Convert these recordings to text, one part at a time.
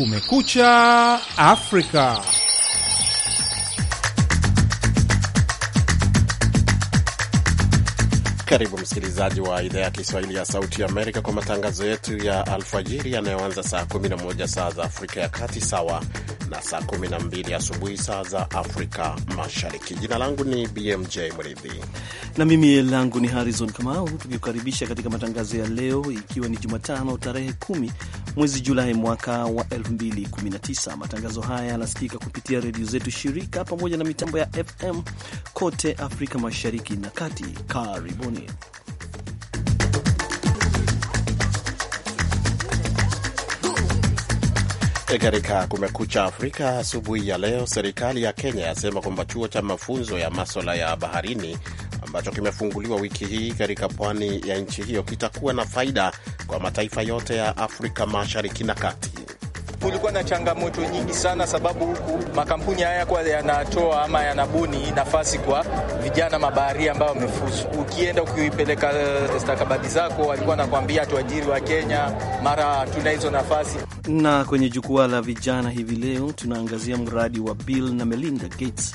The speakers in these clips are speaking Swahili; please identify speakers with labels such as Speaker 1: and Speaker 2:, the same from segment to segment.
Speaker 1: Kumekucha Afrika. Karibu msikilizaji wa idhaa ya Kiswahili ya Sauti ya Amerika kwa matangazo yetu ya alfajiri yanayoanza saa 11 saa za Afrika ya Kati, sawa na saa 12 asubuhi saa za Afrika Mashariki.
Speaker 2: Jina langu ni BMJ Mridhi na mimi langu ni Harrison Kamau, tukiukaribisha katika matangazo ya leo, ikiwa ni Jumatano tarehe 10 mwezi Julai mwaka wa 2019. Matangazo haya yanasikika kupitia redio zetu shirika pamoja na mitambo ya FM kote Afrika Mashariki na Kati. Karibuni. Marekani.
Speaker 1: E, katika Kumekucha Afrika asubuhi ya leo, serikali ya Kenya yasema kwamba chuo cha mafunzo ya maswala ya baharini ambacho kimefunguliwa wiki hii katika pwani ya nchi hiyo kitakuwa na faida kwa mataifa yote ya Afrika Mashariki na Kati.
Speaker 3: Kulikuwa na changamoto nyingi sana, sababu huku makampuni haya kwa yanatoa ama yanabuni nafasi kwa vijana mabaharia ambao wamefuzu. Ukienda ukipeleka eh, stakabadhi zako, walikuwa wanakuambia tuajiri wa Kenya, mara tuna hizo nafasi.
Speaker 2: Na kwenye jukwaa la vijana hivi leo tunaangazia mradi wa Bill na Melinda Gates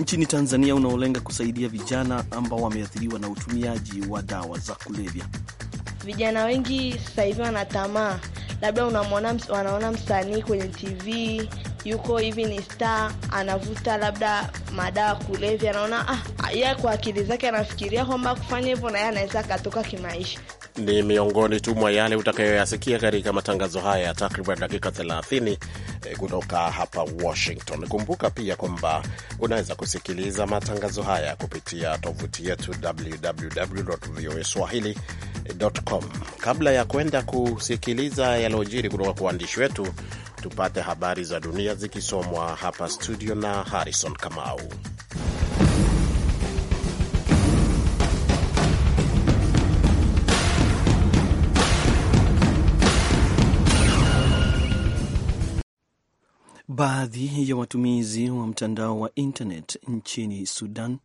Speaker 2: nchini Tanzania unaolenga kusaidia vijana ambao wameathiriwa na utumiaji wa dawa za kulevya.
Speaker 4: Vijana wengi sasa hivi wana tamaa, labda unamwona, wanaona msanii kwenye TV yuko hivi ni star, anavuta labda madawa kulevya, anaona ah, ye kwa akili zake anafikiria kwamba kufanya hivyo na yeye anaweza akatoka kimaisha.
Speaker 1: Ni miongoni tu mwa yale utakayoyasikia katika matangazo haya ya takriban dakika 30 eh, kutoka hapa Washington. Kumbuka pia kwamba unaweza kusikiliza matangazo haya kupitia tovuti yetu www voa www.voaswahili.com. Kabla ya kwenda kusikiliza yaliyojiri kutoka kwa waandishi wetu tupate habari za dunia zikisomwa hapa studio na Harrison Kamau.
Speaker 2: Baadhi ya watumizi wa mtandao wa internet nchini Sudan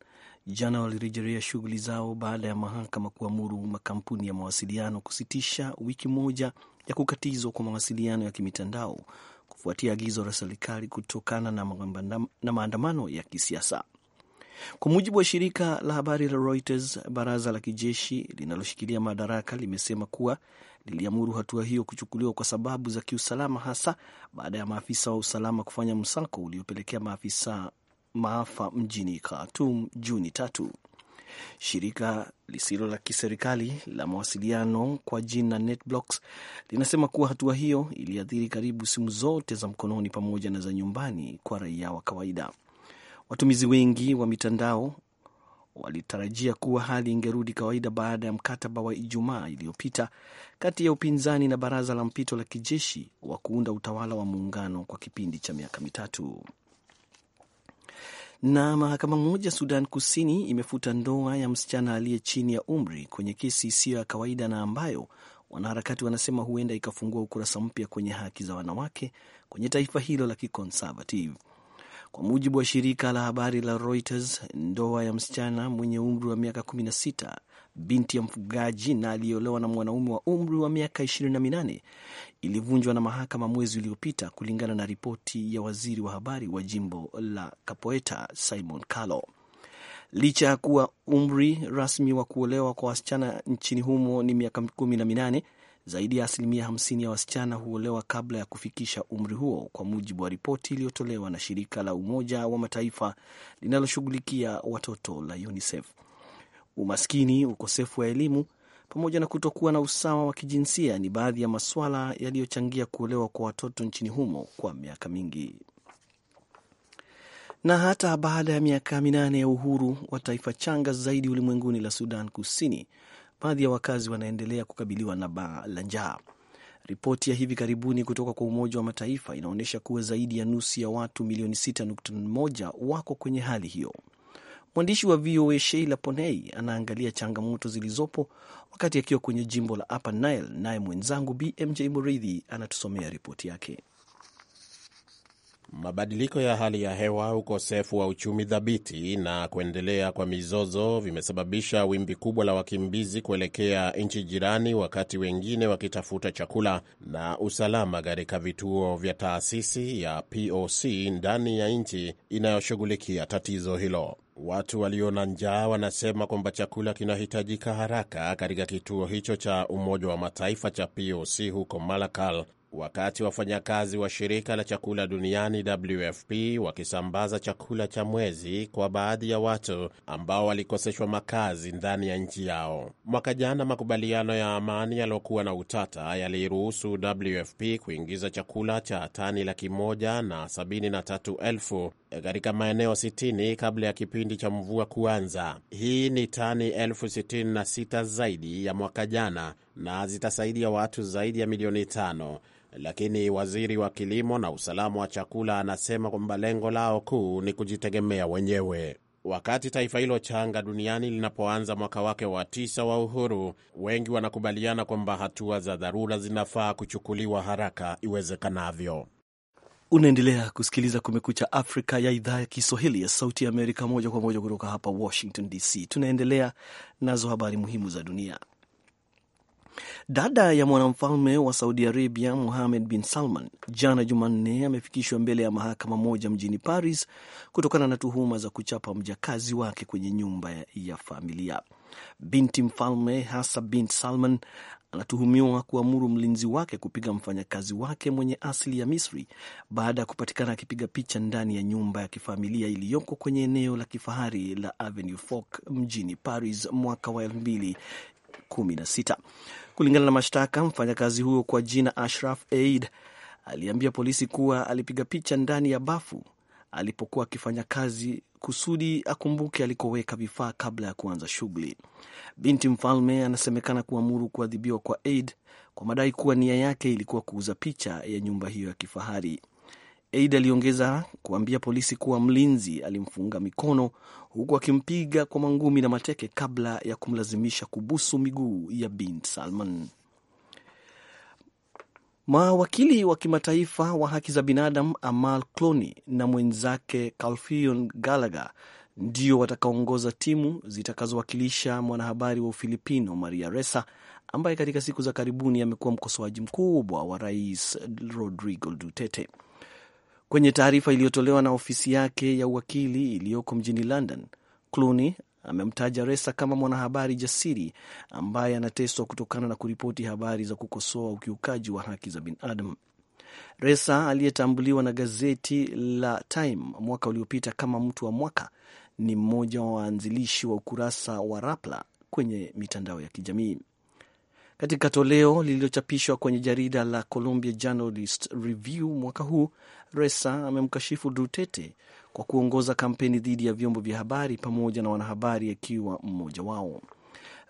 Speaker 2: jana walirejelea shughuli zao baada ya mahakama kuamuru makampuni ya mawasiliano kusitisha wiki moja ya kukatizwa kwa mawasiliano ya kimitandao kufuatia agizo la serikali kutokana na, na maandamano ya kisiasa. Kwa mujibu wa shirika la habari la Reuters, baraza la kijeshi linaloshikilia madaraka limesema kuwa liliamuru hatua hiyo kuchukuliwa kwa sababu za kiusalama, hasa baada ya maafisa wa usalama kufanya msako uliopelekea maafisa maafa mjini Khartoum Juni tatu. Shirika lisilo la kiserikali la mawasiliano kwa jina NetBlocks linasema kuwa hatua hiyo iliathiri karibu simu zote za mkononi pamoja na za nyumbani kwa raia wa kawaida. Watumizi wengi wa mitandao walitarajia kuwa hali ingerudi kawaida baada ya mkataba wa Ijumaa iliyopita kati ya upinzani na baraza la mpito la kijeshi wa kuunda utawala wa muungano kwa kipindi cha miaka mitatu. Na mahakama moja Sudan Kusini imefuta ndoa ya msichana aliye chini ya umri kwenye kesi isiyo ya kawaida na ambayo wanaharakati wanasema huenda ikafungua ukurasa mpya kwenye haki za wanawake kwenye taifa hilo la kiconservative. Kwa mujibu wa shirika la habari la Reuters, ndoa ya msichana mwenye umri wa miaka 16 binti ya mfugaji na aliyeolewa na mwanaume wa umri wa miaka 28 ilivunjwa na mahakama mwezi uliopita, kulingana na ripoti ya waziri wa habari wa jimbo la Capoeta Simon Carlo. Licha ya kuwa umri rasmi wa kuolewa kwa wasichana nchini humo ni miaka kumi na minane, zaidi ya asilimia hamsini ya wasichana huolewa kabla ya kufikisha umri huo, kwa mujibu wa ripoti iliyotolewa na shirika la Umoja wa Mataifa linaloshughulikia watoto la UNICEF. Umaskini, ukosefu wa elimu pamoja na kutokuwa na usawa wa kijinsia ni baadhi ya masuala yaliyochangia kuolewa kwa watoto nchini humo kwa miaka mingi. Na hata baada ya miaka minane ya uhuru wa taifa changa zaidi ulimwenguni la Sudan Kusini, baadhi ya wakazi wanaendelea kukabiliwa na baa la njaa. Ripoti ya hivi karibuni kutoka kwa Umoja wa Mataifa inaonyesha kuwa zaidi ya nusu ya watu milioni 6.1 wako kwenye hali hiyo. Mwandishi wa VOA Sheila Ponei anaangalia changamoto zilizopo wakati akiwa kwenye jimbo la Upper Nile, naye mwenzangu BMJ Muridhi anatusomea ripoti yake.
Speaker 1: Mabadiliko ya hali ya hewa, ukosefu wa uchumi thabiti na kuendelea kwa mizozo vimesababisha wimbi kubwa la wakimbizi kuelekea nchi jirani, wakati wengine wakitafuta chakula na usalama katika vituo vya taasisi ya POC ndani ya nchi inayoshughulikia tatizo hilo. Watu walio na njaa wanasema kwamba chakula kinahitajika haraka katika kituo hicho cha Umoja wa Mataifa cha POC huko Malakal, wakati wafanyakazi wa shirika la chakula duniani WFP wakisambaza chakula cha mwezi kwa baadhi ya watu ambao walikoseshwa makazi ndani ya nchi yao. Mwaka jana makubaliano ya amani yaliyokuwa na utata yaliruhusu WFP kuingiza chakula cha tani laki moja na sabini na tatu elfu katika maeneo 60 kabla ya kipindi cha mvua kuanza. Hii ni tani elfu zaidi ya mwaka jana na zitasaidia watu zaidi ya milioni tano. Lakini waziri wa kilimo na usalama wa chakula anasema kwamba lengo lao kuu ni kujitegemea wenyewe. Wakati taifa hilo changa duniani linapoanza mwaka wake wa tisa wa uhuru, wengi wanakubaliana kwamba hatua za dharura zinafaa kuchukuliwa haraka iwezekanavyo.
Speaker 2: Unaendelea kusikiliza Kumekucha Afrika ya idhaa ya Kiswahili ya Sauti ya Amerika, moja kwa moja kutoka hapa Washington DC. Tunaendelea nazo habari muhimu za dunia. Dada ya mwanamfalme wa Saudi Arabia muhamed bin Salman jana Jumanne amefikishwa mbele ya mahakama moja mjini Paris kutokana na tuhuma za kuchapa mjakazi wake kwenye nyumba ya familia. Binti mfalme Hasa bin Salman anatuhumiwa kuamuru mlinzi wake kupiga mfanyakazi wake mwenye asili ya Misri baada ya kupatikana akipiga picha ndani ya nyumba ya kifamilia iliyoko kwenye eneo la kifahari la Avenue Foch mjini Paris mwaka wa 2016. Kulingana na mashtaka, mfanyakazi huyo kwa jina Ashraf Aid aliambia polisi kuwa alipiga picha ndani ya bafu alipokuwa akifanya kazi kusudi akumbuke alikoweka vifaa kabla ya kuanza shughuli. Binti mfalme anasemekana kuamuru kuadhibiwa kwa Aid kwa madai kuwa nia yake ilikuwa kuuza picha ya nyumba hiyo ya kifahari. Aid aliongeza kuambia polisi kuwa mlinzi alimfunga mikono huku akimpiga kwa mangumi na mateke kabla ya kumlazimisha kubusu miguu ya Bin Salman. Mawakili wa kimataifa wa haki za binadamu Amal Cloni na mwenzake Calfion Gallagher ndio watakaongoza timu zitakazowakilisha mwanahabari wa Ufilipino Maria Ressa ambaye katika siku za karibuni amekuwa mkosoaji mkubwa wa rais Rodrigo Duterte. Kwenye taarifa iliyotolewa na ofisi yake ya uwakili iliyoko mjini London, Clooney amemtaja resa kama mwanahabari jasiri ambaye anateswa kutokana na kuripoti habari za kukosoa ukiukaji wa haki za binadamu. resa aliyetambuliwa na gazeti la Time mwaka uliopita kama mtu wa mwaka ni mmoja wa waanzilishi wa ukurasa wa rapla kwenye mitandao ya kijamii. Katika toleo lililochapishwa kwenye jarida la Columbia Journalist Review mwaka huu, resa amemkashifu Duterte kwa kuongoza kampeni dhidi ya vyombo vya habari pamoja na wanahabari akiwa mmoja wao.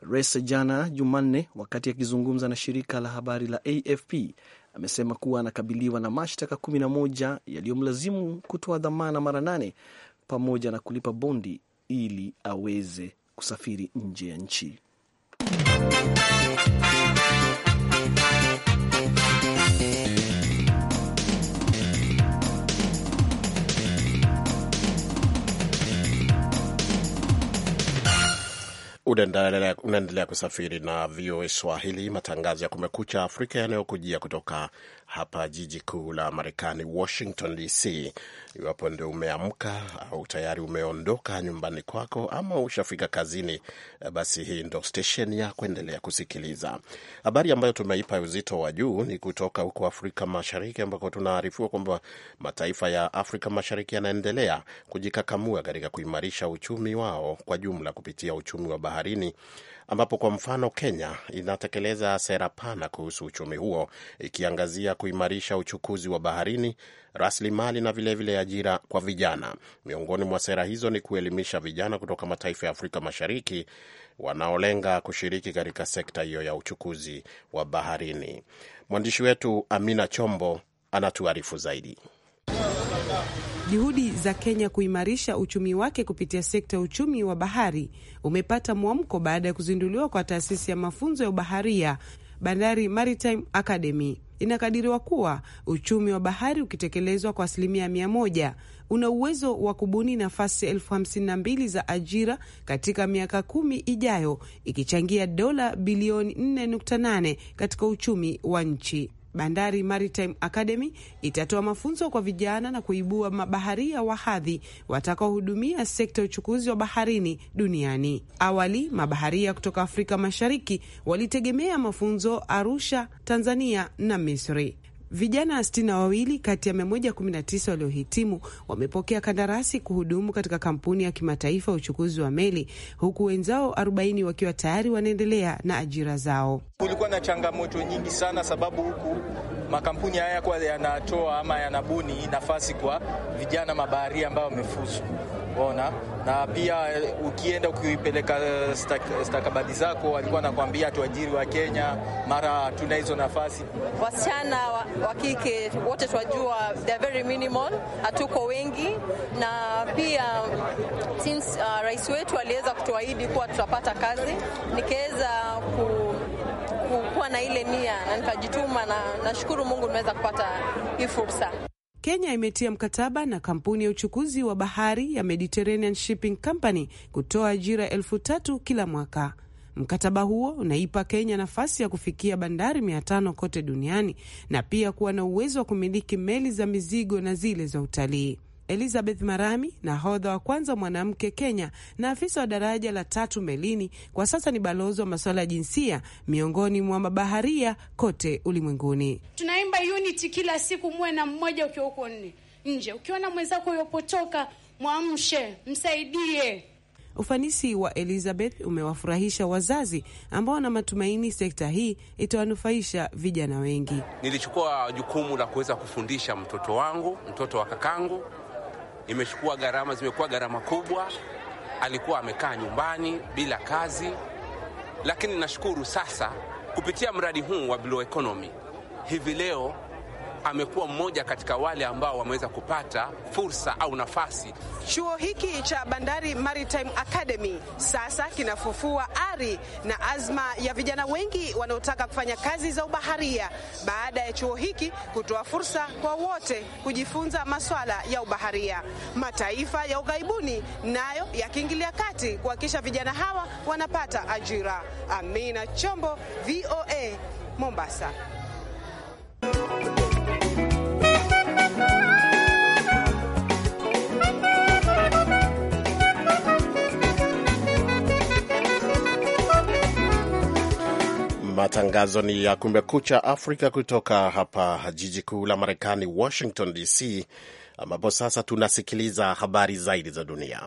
Speaker 2: Res jana Jumanne, wakati akizungumza na shirika la habari la AFP, amesema kuwa anakabiliwa na mashtaka 11 yaliyomlazimu kutoa dhamana mara nane pamoja na kulipa bondi ili aweze kusafiri nje ya nchi.
Speaker 1: unaendelea kusafiri na VOA Swahili, matangazo ya Kumekucha Afrika yanayokujia kutoka hapa jiji kuu la Marekani, Washington DC. Iwapo ndio umeamka au tayari umeondoka nyumbani kwako ama ushafika kazini, basi hii ndo stesheni ya kuendelea kusikiliza habari. Ambayo tumeipa uzito wa juu ni kutoka huko Afrika Mashariki, ambako tunaarifiwa kwamba mataifa ya Afrika Mashariki yanaendelea kujikakamua katika kuimarisha uchumi wao kwa jumla kupitia uchumi wa baharini ambapo kwa mfano Kenya inatekeleza sera pana kuhusu uchumi huo ikiangazia kuimarisha uchukuzi wa baharini, rasilimali na vilevile vile ajira kwa vijana. Miongoni mwa sera hizo ni kuelimisha vijana kutoka mataifa ya Afrika Mashariki wanaolenga kushiriki katika sekta hiyo ya uchukuzi wa baharini. Mwandishi wetu Amina Chombo anatuarifu zaidi.
Speaker 5: Juhudi za Kenya kuimarisha uchumi wake kupitia sekta ya uchumi wa bahari umepata mwamko baada ya kuzinduliwa kwa taasisi ya mafunzo ya ubaharia Bandari Maritime Academy. Inakadiriwa kuwa uchumi wa bahari ukitekelezwa kwa asilimia mia moja una uwezo wa kubuni nafasi elfu hamsini na mbili za ajira katika miaka kumi ijayo, ikichangia dola bilioni 4.8 katika uchumi wa nchi. Bandari Maritime Academy itatoa mafunzo kwa vijana na kuibua mabaharia wa hadhi watakaohudumia sekta ya uchukuzi wa baharini duniani. Awali mabaharia kutoka Afrika Mashariki walitegemea mafunzo Arusha, Tanzania na Misri. Vijana sitini na wawili kati ya mia moja kumi na tisa waliohitimu wamepokea kandarasi kuhudumu katika kampuni ya kimataifa ya uchukuzi wa meli, huku wenzao arobaini wakiwa tayari wanaendelea na ajira zao. Kulikuwa
Speaker 3: na changamoto nyingi sana, sababu huku makampuni haya kwa yanatoa ama yanabuni nafasi kwa vijana mabaharia ambao wamefuzu Ona, na pia eh, ukienda ukipeleka eh, stakabadhi zako, alikuwa anakwambia tuajiri wa Kenya, mara tuna hizo nafasi.
Speaker 6: Wasichana wa kike wote twajua, they are very minimal, hatuko wengi, na pia since uh, rais wetu aliweza kutuahidi kuwa tutapata kazi, nikaweza ku kuwa na ile nia na nikajituma, na nashukuru Mungu nimeweza kupata hii fursa.
Speaker 5: Kenya imetia mkataba na kampuni ya uchukuzi wa bahari ya Mediterranean Shipping Company kutoa ajira elfu tatu kila mwaka. Mkataba huo unaipa Kenya nafasi ya kufikia bandari mia tano kote duniani na pia kuwa na uwezo wa kumiliki meli za mizigo na zile za utalii. Elizabeth Marami, nahodha wa kwanza mwanamke Kenya na afisa wa daraja la tatu melini, kwa sasa ni balozi wa masuala ya jinsia miongoni mwa mabaharia kote ulimwenguni.
Speaker 6: Tunaimba unity kila siku, muwe na mmoja ukiwa huko nje, ukiona mwenzako uyopotoka, mwamshe, msaidie.
Speaker 5: Ufanisi wa Elizabeth umewafurahisha wazazi ambao wana matumaini sekta hii itawanufaisha vijana wengi.
Speaker 1: Nilichukua jukumu la kuweza kufundisha mtoto wangu, mtoto wa kakangu imechukua gharama, zimekuwa gharama kubwa. Alikuwa amekaa nyumbani bila kazi, lakini nashukuru sasa kupitia mradi huu wa Blue Economy hivi leo amekuwa mmoja katika wale ambao wameweza kupata fursa au nafasi.
Speaker 5: Chuo hiki cha Bandari Maritime Academy sasa kinafufua ari na azma ya vijana wengi wanaotaka kufanya kazi za ubaharia baada ya chuo hiki kutoa fursa kwa wote kujifunza maswala ya ubaharia. Mataifa ya ughaibuni nayo yakiingilia kati kuhakikisha vijana hawa wanapata ajira. Amina Chombo, VOA, Mombasa.
Speaker 1: Matangazo ni ya Kumekucha Afrika kutoka hapa jiji kuu la Marekani, Washington DC, ambapo sasa tunasikiliza habari zaidi za dunia.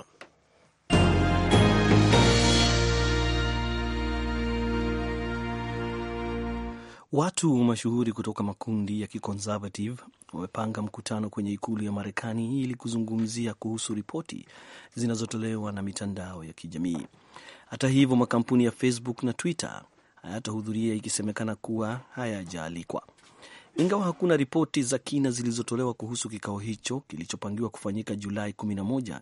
Speaker 2: Watu mashuhuri kutoka makundi ya kiconservative wamepanga mkutano kwenye ikulu ya Marekani ili kuzungumzia kuhusu ripoti zinazotolewa na mitandao ya kijamii. Hata hivyo, makampuni ya Facebook na Twitter hayatahudhuria ikisemekana kuwa hayajaalikwa. Ingawa hakuna ripoti za kina zilizotolewa kuhusu kikao hicho kilichopangiwa kufanyika Julai 11,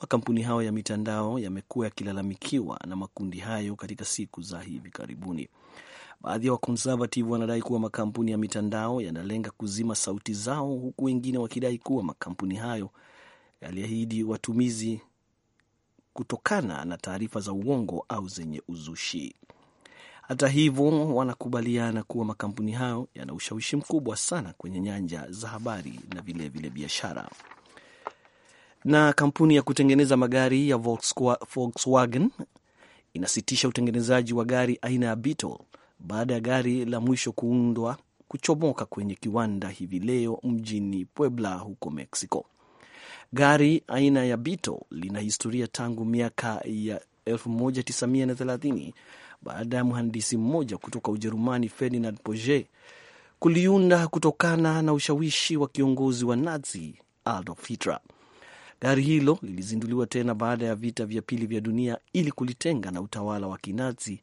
Speaker 2: makampuni hayo ya mitandao yamekuwa yakilalamikiwa na makundi hayo katika siku za hivi karibuni. Baadhi ya wakonservative wanadai kuwa makampuni ya mitandao yanalenga kuzima sauti zao, huku wengine wakidai kuwa makampuni hayo yaliahidi watumizi kutokana na taarifa za uongo au zenye uzushi. Hata hivyo, wanakubaliana kuwa makampuni hayo yana ushawishi mkubwa sana kwenye nyanja za habari na vilevile biashara. Na kampuni ya kutengeneza magari ya Volkswagen inasitisha utengenezaji wa gari aina ya Beetle baada ya gari la mwisho kuundwa kuchomoka kwenye kiwanda hivi leo mjini Puebla huko Mexico. Gari aina ya Beetle lina historia tangu miaka ya 1930 baada ya mhandisi mmoja kutoka Ujerumani Ferdinand Porsche kuliunda kutokana na ushawishi wa kiongozi wa Nazi Adolf Hitler. Gari hilo lilizinduliwa tena baada ya vita vya pili vya dunia ili kulitenga na utawala wa Kinazi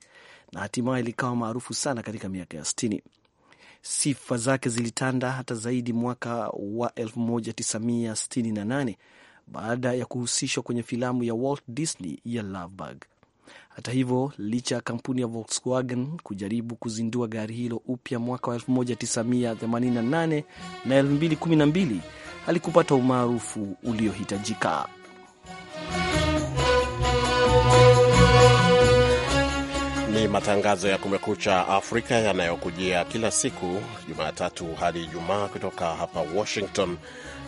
Speaker 2: na hatimaye likawa maarufu sana katika miaka ya 60. Sifa zake zilitanda hata zaidi mwaka wa 1968 baada ya kuhusishwa kwenye filamu ya Walt Disney ya Lovebug. Hata hivyo, licha ya kampuni ya Volkswagen kujaribu kuzindua gari hilo upya mwaka wa 1988 na 2012, halikupata umaarufu uliohitajika.
Speaker 1: Ni matangazo ya Kumekucha Afrika yanayokujia kila siku Jumatatu hadi Ijumaa kutoka hapa Washington,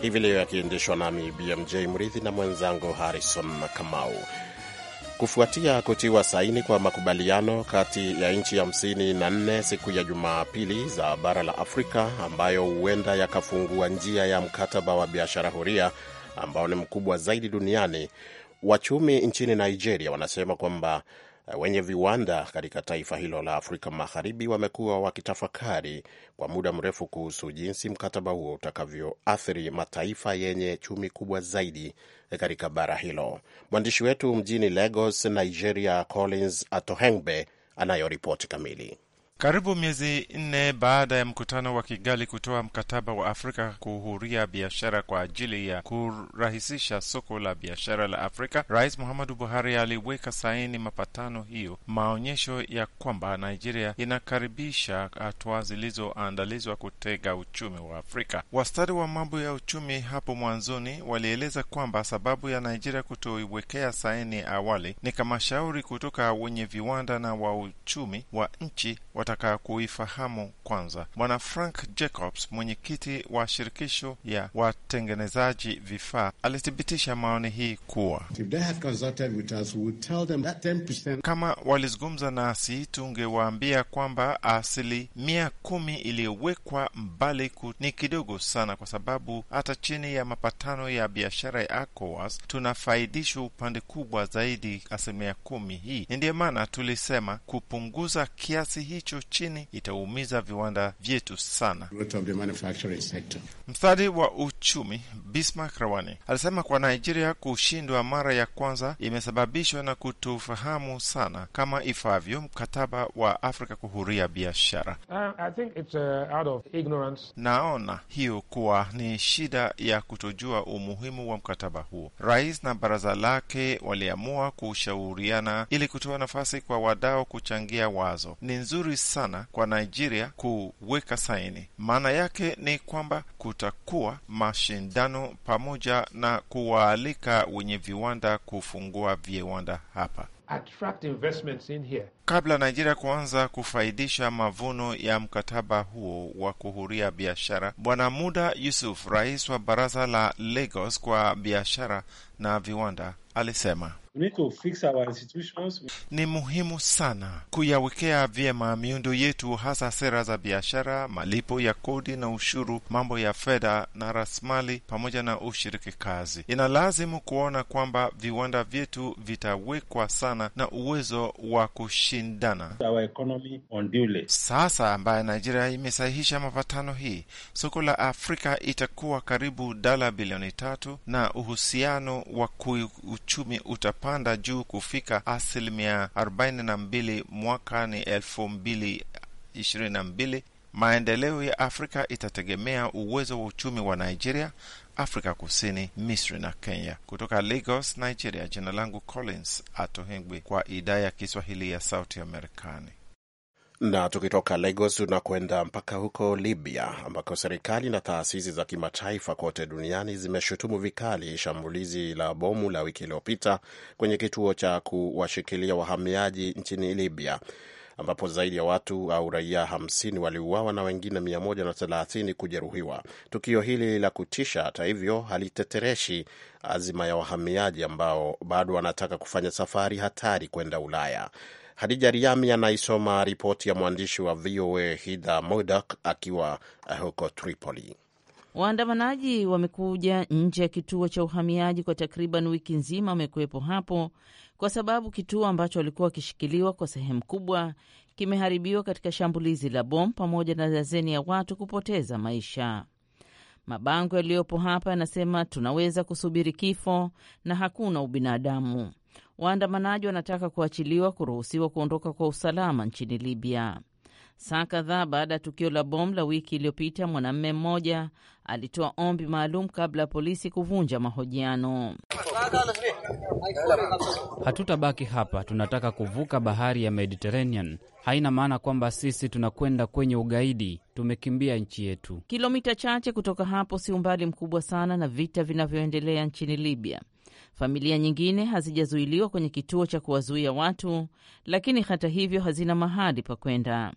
Speaker 1: hivi leo yakiendeshwa nami BMJ Mridhi na mwenzangu Harrison Kamau. Kufuatia kutiwa saini kwa makubaliano kati ya nchi hamsini na nne siku ya Jumapili za bara la Afrika ambayo huenda yakafungua njia ya mkataba wa biashara huria ambao ni mkubwa zaidi duniani, wachumi nchini Nigeria wanasema kwamba Eh, wenye viwanda katika taifa hilo la Afrika Magharibi wamekuwa wakitafakari kwa muda mrefu kuhusu jinsi mkataba huo utakavyoathiri mataifa yenye chumi kubwa zaidi eh, katika bara hilo. Mwandishi wetu mjini Lagos, Nigeria, Collins Atohengbe anayo ripoti kamili.
Speaker 7: Karibu miezi nne baada ya mkutano wa Kigali kutoa mkataba wa Afrika kuhuria biashara kwa ajili ya kurahisisha soko la biashara la Afrika, Rais Muhammadu Buhari aliweka saini mapatano hiyo, maonyesho ya kwamba Nigeria inakaribisha hatua zilizoandalizwa kutega uchumi wa Afrika. Wastari wa mambo ya uchumi hapo mwanzoni walieleza kwamba sababu ya Nigeria kutoiwekea saini awali ni kama shauri kutoka wenye viwanda na wa uchumi wa nchi wa wataka kuifahamu kwanza. Bwana Frank Jacobs, mwenyekiti wa shirikisho ya watengenezaji vifaa, alithibitisha maoni hii kuwa kama walizungumza nasi, tungewaambia kwamba asilimia kumi iliyowekwa mbali ni kidogo sana, kwa sababu hata chini ya mapatano ya biashara ya ECOWAS tunafaidishwa upande kubwa zaidi asilimia kumi. Hii ndiyo maana tulisema kupunguza kiasi hicho yetu chini itaumiza viwanda vyetu sana. Mstari wa uchumi Bismark Rawani alisema kwa Nigeria kushindwa mara ya kwanza imesababishwa na kutofahamu sana kama ifaavyo mkataba wa Afrika kuhuria biashara. Uh, naona hiyo kuwa ni shida ya kutojua umuhimu wa mkataba huo. Rais na baraza lake waliamua kushauriana ili kutoa nafasi kwa wadau kuchangia wazo. Ni nzuri sana kwa Nigeria kuweka saini. Maana yake ni kwamba kutakuwa mashindano pamoja na kuwaalika wenye viwanda kufungua viwanda hapa. Attract investments in here. Kabla Nigeria kuanza kufaidisha mavuno ya mkataba huo wa kuhuria biashara, Bwana Muda Yusuf, rais wa baraza la Lagos kwa biashara na viwanda alisema ni muhimu sana kuyawekea vyema miundo yetu, hasa sera za biashara, malipo ya kodi na ushuru, mambo ya fedha na rasilimali, pamoja na ushiriki kazi. lazimu kuona kwamba viwanda vyetu vitawekwa sana na uwezo wa kushindana. Sasa ambaye Nigeria imesahihisha mapatano hii, soko la Afrika itakuwa karibu dola bilioni tatu na uhusiano wa uchumi utapanda juu kufika asilimia 42 mwaka ni mwakani Maendeleo ya Afrika itategemea uwezo wa uchumi wa Nigeria, Afrika Kusini, Misri na Kenya. Kutoka Lagos, Nigeria, jina langu Collins Atohengwi, kwa idhaa ya Kiswahili ya Sauti Amerikani. Na tukitoka Lagos
Speaker 1: tunakwenda mpaka huko Libya ambako serikali na taasisi za kimataifa kote duniani zimeshutumu vikali shambulizi la bomu la wiki iliyopita kwenye kituo cha kuwashikilia wahamiaji nchini Libya ambapo zaidi ya watu au raia 50 waliuawa na wengine 130 kujeruhiwa. Tukio hili la kutisha, hata hivyo, halitetereshi azima ya wahamiaji ambao bado wanataka kufanya safari hatari kwenda Ulaya. Hadija Riami anaisoma ripoti ya mwandishi wa VOA Hidha Modak akiwa eh, huko Tripoli.
Speaker 6: Waandamanaji wamekuja nje ya kituo cha uhamiaji kwa takriban wiki nzima, wamekuwepo hapo kwa sababu kituo ambacho walikuwa wakishikiliwa kwa sehemu kubwa kimeharibiwa katika shambulizi la bomu, pamoja na dazeni ya watu kupoteza maisha. Mabango yaliyopo hapa yanasema tunaweza kusubiri kifo na hakuna ubinadamu. Waandamanaji wanataka kuachiliwa, kuruhusiwa kuondoka kwa usalama nchini Libya. Saa kadhaa baada ya tukio la bomu la wiki iliyopita, mwanamume mmoja alitoa ombi maalum kabla ya polisi kuvunja mahojiano. Hatutabaki hapa, tunataka kuvuka bahari ya Mediterranean. Haina maana kwamba sisi tunakwenda
Speaker 5: kwenye ugaidi, tumekimbia nchi yetu.
Speaker 6: Kilomita chache kutoka hapo si umbali mkubwa sana na vita vinavyoendelea nchini Libya Familia nyingine hazijazuiliwa kwenye kituo cha kuwazuia watu, lakini hata hivyo hazina mahali pa kwenda.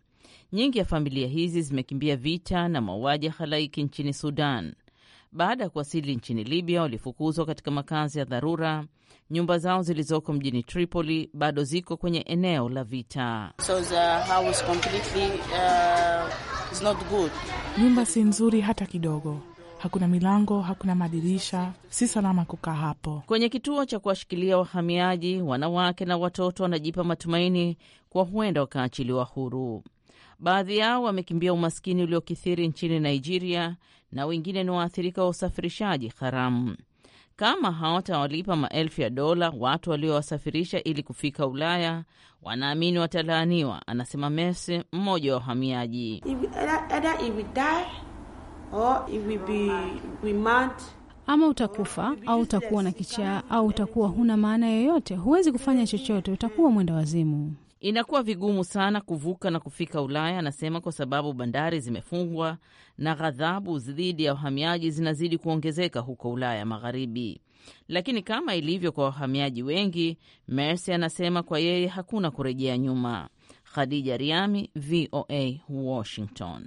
Speaker 6: Nyingi ya familia hizi zimekimbia vita na mauaji ya halaiki nchini Sudan. Baada ya kuwasili nchini Libya, walifukuzwa katika makazi ya dharura. Nyumba zao zilizoko mjini Tripoli bado ziko kwenye eneo la vita. So the house completely, uh, is not good.
Speaker 5: Nyumba si nzuri hata kidogo hakuna milango, hakuna madirisha, si salama kukaa hapo.
Speaker 6: Kwenye kituo cha kuwashikilia wahamiaji, wanawake na watoto wanajipa matumaini kwa huenda wakaachiliwa huru. Baadhi yao wamekimbia umaskini uliokithiri nchini Nigeria na wengine ni waathirika wa usafirishaji haramu. Kama hawatawalipa maelfu ya dola watu waliowasafirisha ili kufika Ulaya, wanaamini watalaaniwa, anasema Mercy, mmoja wa wahamiaji ama utakufa au utakuwa na kichaa au utakuwa huna maana yoyote, huwezi kufanya chochote, utakuwa mwenda wazimu. Inakuwa vigumu sana kuvuka na kufika Ulaya, anasema, kwa sababu bandari zimefungwa na ghadhabu dhidi ya wahamiaji zinazidi kuongezeka huko Ulaya Magharibi. Lakini kama ilivyo kwa wahamiaji wengi, Mercy anasema kwa yeye hakuna kurejea nyuma. Khadija Riami, VOA, Washington.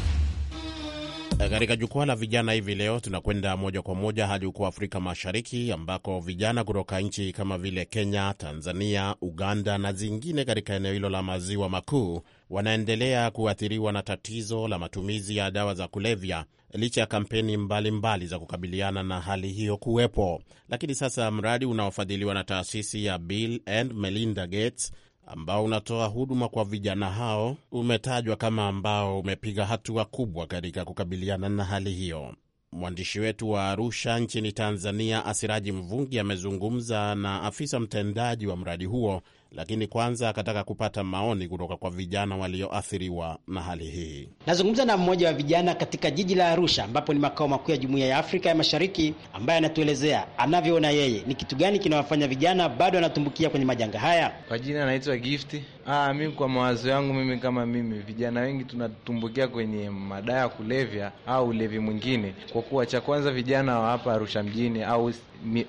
Speaker 1: Eh, katika jukwaa la vijana hivi leo, tunakwenda moja kwa moja hadi huko Afrika Mashariki, ambako vijana kutoka nchi kama vile Kenya, Tanzania, Uganda na zingine katika eneo hilo la maziwa makuu wanaendelea kuathiriwa na tatizo la matumizi ya dawa za kulevya licha ya kampeni mbalimbali mbali za kukabiliana na hali hiyo kuwepo. Lakini sasa mradi unaofadhiliwa na taasisi ya Bill and Melinda Gates ambao unatoa huduma kwa vijana hao umetajwa kama ambao umepiga hatua kubwa katika kukabiliana na hali hiyo. Mwandishi wetu wa Arusha nchini Tanzania, Asiraji Mvungi, amezungumza na afisa mtendaji wa mradi huo lakini kwanza akataka kupata maoni kutoka kwa vijana walioathiriwa na hali hii.
Speaker 8: Nazungumza na mmoja wa vijana katika jiji la Arusha, ambapo ni makao makuu ya Jumuiya ya Afrika ya Mashariki, ambaye anatuelezea anavyoona yeye ni kitu gani kinawafanya vijana bado anatumbukia kwenye majanga haya.
Speaker 9: Kwa jina anaitwa Gift. Ah, mi kwa mawazo yangu, mimi kama mimi, vijana wengi tunatumbukia kwenye madawa ya kulevya au ulevi mwingine, kwa kuwa cha kwanza, vijana wa hapa Arusha mjini au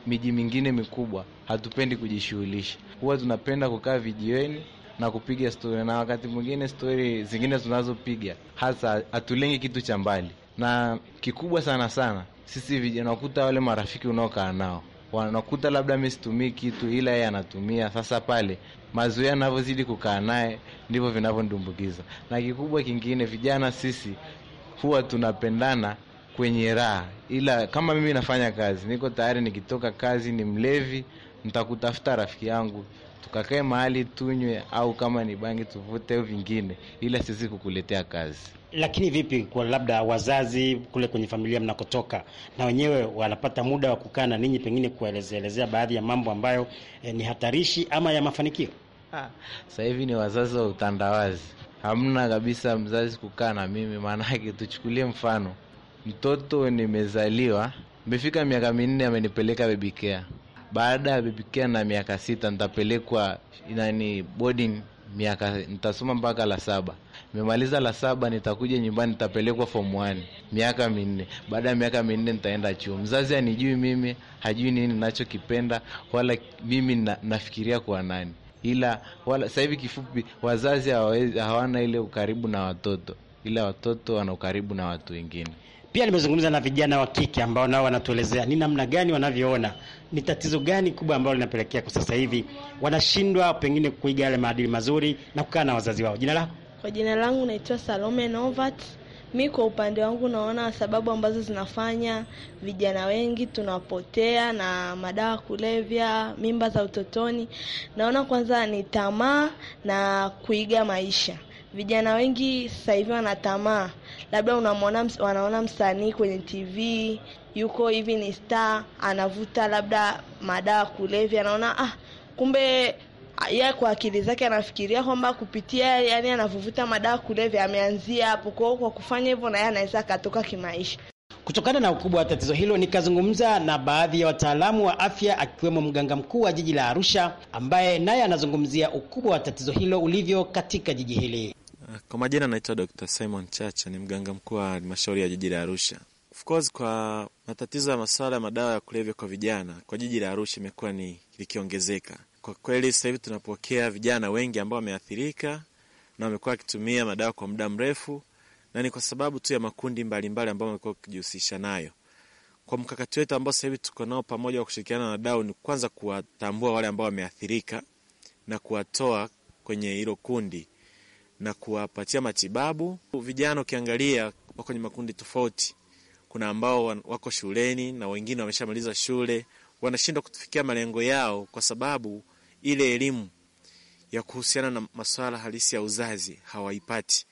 Speaker 9: miji mingine mikubwa hatupendi kujishughulisha, huwa tunapenda kukaa vijiweni na kupiga stori, na wakati mwingine stori zingine tunazopiga hasa hatulengi kitu cha mbali, na kikubwa sana sana sisi vijana, kuta wale marafiki unaokaa nao wanakuta labda mimi situmii kitu ila yeye anatumia. Sasa pale mazoea yanavyozidi kukaa naye ndivyo vinavyondumbukiza. Na kikubwa kingine, vijana sisi huwa tunapendana kwenye raha, ila kama mimi nafanya kazi, niko tayari nikitoka kazi ni mlevi, ntakutafuta rafiki yangu tukakae mahali tunywe, au kama ni bangi tuvute, au vingine, ila sisi kukuletea kazi
Speaker 8: lakini vipi kwa labda wazazi kule kwenye familia mnakotoka, na wenyewe wanapata muda wa kukaa na ninyi, pengine kuwaelezeelezea baadhi ya mambo ambayo eh, ni hatarishi ama ya mafanikio?
Speaker 3: Ah,
Speaker 9: sasa hivi ni wazazi wa utandawazi, hamna kabisa mzazi kukaa na mimi. Maanake tuchukulie mfano, mtoto nimezaliwa, mefika miaka minne, amenipeleka bebikea. Baada ya bebikea na miaka sita nitapelekwa nani boarding miaka nitasoma mpaka la saba. Nimemaliza la saba, nitakuja nyumbani, nitapelekwa form 1 miaka minne. Baada ya miaka minne nitaenda chuo. Mzazi anijui mimi, hajui nini ninachokipenda, wala mimi na, nafikiria kuwa nani, ila wala sasa hivi, kifupi, wazazi hawana ile ukaribu na watoto, ila watoto wana ukaribu
Speaker 8: na watu wengine. Pia nimezungumza na vijana wa kike ambao nao wanatuelezea ni namna gani wanavyoona ni tatizo gani kubwa ambalo linapelekea kwa sasa hivi wanashindwa pengine kuiga yale maadili mazuri na kukaa na wazazi wao. Jina lako?
Speaker 4: Kwa jina langu naitwa Salome Novat. Mi kwa upande wangu naona sababu ambazo zinafanya vijana wengi tunapotea na madawa kulevya, mimba za utotoni, naona kwanza ni tamaa na kuiga maisha. Vijana wengi sasa hivi wanatamaa labda unamwona, wanaona msanii kwenye TV yuko hivi ni star, anavuta labda madawa kulevya, anaona ah, kumbe ah, ya kwa akili zake anafikiria kwamba kupitia yani anavyovuta madawa kulevya ameanzia hapo. Kwa kwa kufanya hivyo, na yeye anaweza akatoka kimaisha.
Speaker 8: Kutokana na ukubwa wa tatizo hilo, nikazungumza na baadhi ya wataalamu wa afya akiwemo mganga mkuu wa jiji la Arusha ambaye naye anazungumzia ukubwa wa tatizo hilo ulivyo katika jiji hili.
Speaker 3: Kwa majina naitwa Dr. Simon Chacha, ni mganga mkuu wa halmashauri ya jiji la Arusha. Of course kwa matatizo ya masuala ya madawa ya kulevya kwa vijana kwa jiji la Arusha imekuwa ni likiongezeka kwa kweli. Sasa hivi tunapokea vijana wengi ambao wameathirika na wamekuwa wakitumia madawa kwa muda mrefu, na ni kwa sababu tu ya makundi mbalimbali ambao wamekuwa wakijihusisha nayo. Kwa mkakati wetu ambao sasa hivi tuko nao pamoja wa kushirikiana na dau, ni kwanza kuwatambua wale ambao wameathirika na kuwatoa kwenye hilo kundi na kuwapatia matibabu vijana. Ukiangalia wako kwenye makundi tofauti, kuna ambao wako shuleni na wengine wameshamaliza shule, wanashindwa kufikia malengo yao kwa sababu ile elimu ya kuhusiana
Speaker 8: na masuala halisi ya uzazi hawaipati.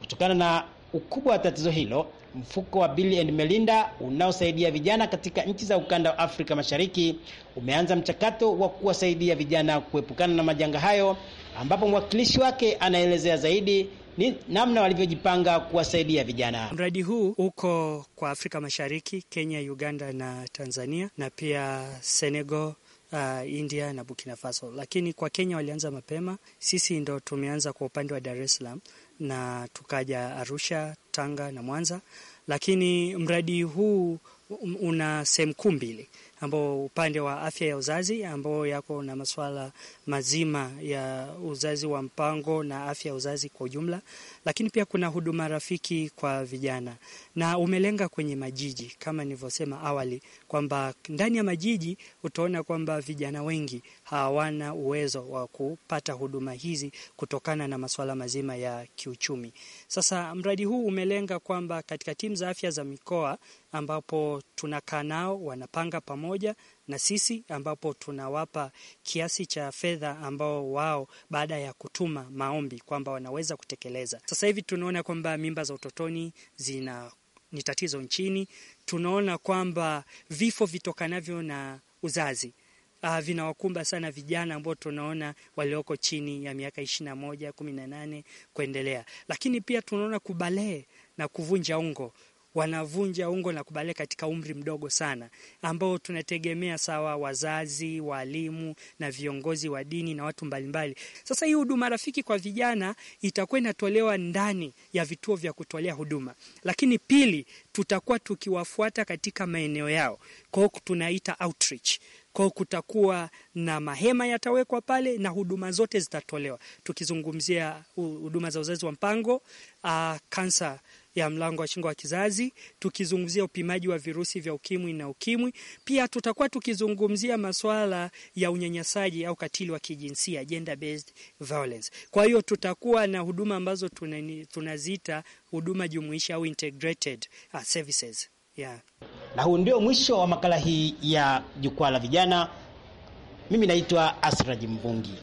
Speaker 8: Kutokana na ukubwa wa tatizo hilo, mfuko wa Bill and Melinda unaosaidia vijana katika nchi za ukanda wa Afrika Mashariki umeanza mchakato wa kuwasaidia vijana kuepukana na majanga hayo ambapo mwakilishi wake anaelezea zaidi ni namna walivyojipanga kuwasaidia vijana.
Speaker 10: Mradi huu uko kwa Afrika Mashariki, Kenya, Uganda na Tanzania na pia Senegal, uh, India na Burkina Faso, lakini kwa Kenya walianza mapema. Sisi ndo tumeanza kwa upande wa Dar es Salaam na tukaja Arusha, Tanga na Mwanza, lakini mradi huu una sehemu kuu mbili ambao upande wa afya ya uzazi ambao yako na masuala mazima ya uzazi wa mpango na afya ya uzazi kwa ujumla, lakini pia kuna huduma rafiki kwa vijana na umelenga kwenye majiji kama nilivyosema awali kwamba ndani ya majiji utaona kwamba vijana wengi hawana uwezo wa kupata huduma hizi kutokana na masuala mazima ya kiuchumi. Sasa mradi huu umelenga kwamba katika timu za afya za mikoa ambapo tunakaa nao, wanapanga pamoja na sisi, ambapo tunawapa kiasi cha fedha ambao wao baada ya kutuma maombi kwamba wanaweza kutekeleza. Sasa hivi tunaona kwamba mimba za utotoni zina ni tatizo nchini. Tunaona kwamba vifo vitokanavyo na uzazi Uh, vinawakumba sana vijana ambao tunaona walioko chini ya miaka ishirini na moja, kumi na nane kuendelea, lakini pia tunaona kubalee na kuvunja ungo wanavunja ungo na kubalia katika umri mdogo sana, ambao tunategemea sawa wazazi, walimu na viongozi wa dini na watu mbalimbali. Sasa hii huduma rafiki kwa vijana itakuwa inatolewa ndani ya vituo vya kutolea huduma, lakini pili, tutakuwa tukiwafuata katika maeneo yao, kwao tunaita outreach kwao kutakuwa na mahema yatawekwa pale na huduma zote zitatolewa, tukizungumzia huduma za uzazi wa mpango, kansa ah, uh, ya mlango wa shingo wa kizazi, tukizungumzia upimaji wa virusi vya ukimwi na ukimwi. Pia tutakuwa tukizungumzia masuala ya unyanyasaji au katili wa kijinsia, gender based violence. Kwa hiyo tutakuwa na huduma ambazo tunaziita huduma jumuishi au integrated uh, services. Yeah.
Speaker 8: Na huu ndio mwisho wa makala hii ya jukwaa la vijana. Mimi naitwa Asraji Mvungi.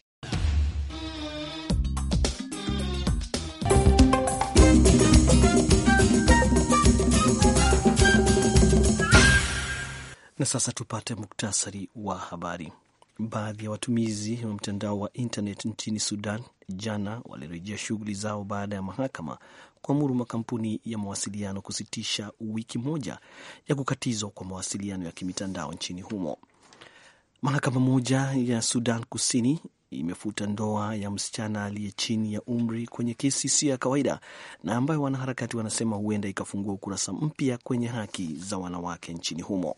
Speaker 2: Na sasa tupate muktasari wa habari. Baadhi ya watumizi wa mtandao wa internet nchini Sudan jana walirejea shughuli zao baada ya mahakama kuamuru makampuni ya mawasiliano kusitisha wiki moja ya kukatizwa kwa mawasiliano ya kimitandao nchini humo. Mahakama moja ya Sudan Kusini imefuta ndoa ya msichana aliye chini ya umri kwenye kesi isiyo ya kawaida na ambayo wanaharakati wanasema huenda ikafungua ukurasa mpya kwenye haki za wanawake nchini humo.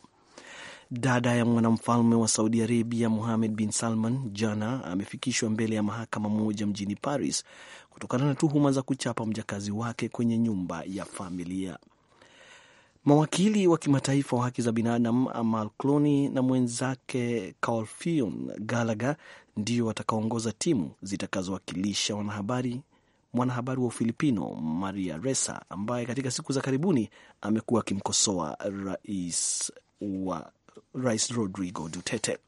Speaker 2: Dada ya mwanamfalme wa Saudi Arabia muhamed bin Salman jana amefikishwa mbele ya mahakama moja mjini Paris kutokana na tuhuma za kuchapa mjakazi wake kwenye nyumba ya familia. Mawakili wa kimataifa wa haki za binadam Amal Clooney na mwenzake Calfion Gallagher ndio watakaongoza timu zitakazowakilisha wanahabari mwanahabari wa Ufilipino Maria Ressa ambaye katika siku za karibuni amekuwa akimkosoa rais wa Rais Rodrigo Duterte.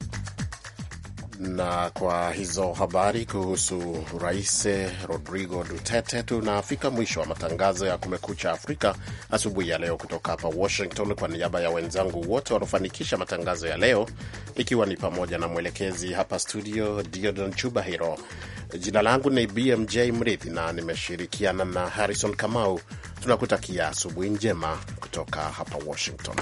Speaker 2: Na kwa hizo habari kuhusu
Speaker 1: Rais Rodrigo Duterte, tunafika mwisho wa matangazo ya Kumekucha Afrika asubuhi ya leo kutoka hapa Washington. Kwa niaba ya wenzangu wote waliofanikisha matangazo ya leo, ikiwa ni pamoja na mwelekezi hapa studio Diodon Chubahiro, jina langu ni BMJ Mrithi na nimeshirikiana na Harrison Kamau. Tunakutakia asubuhi njema kutoka hapa Washington.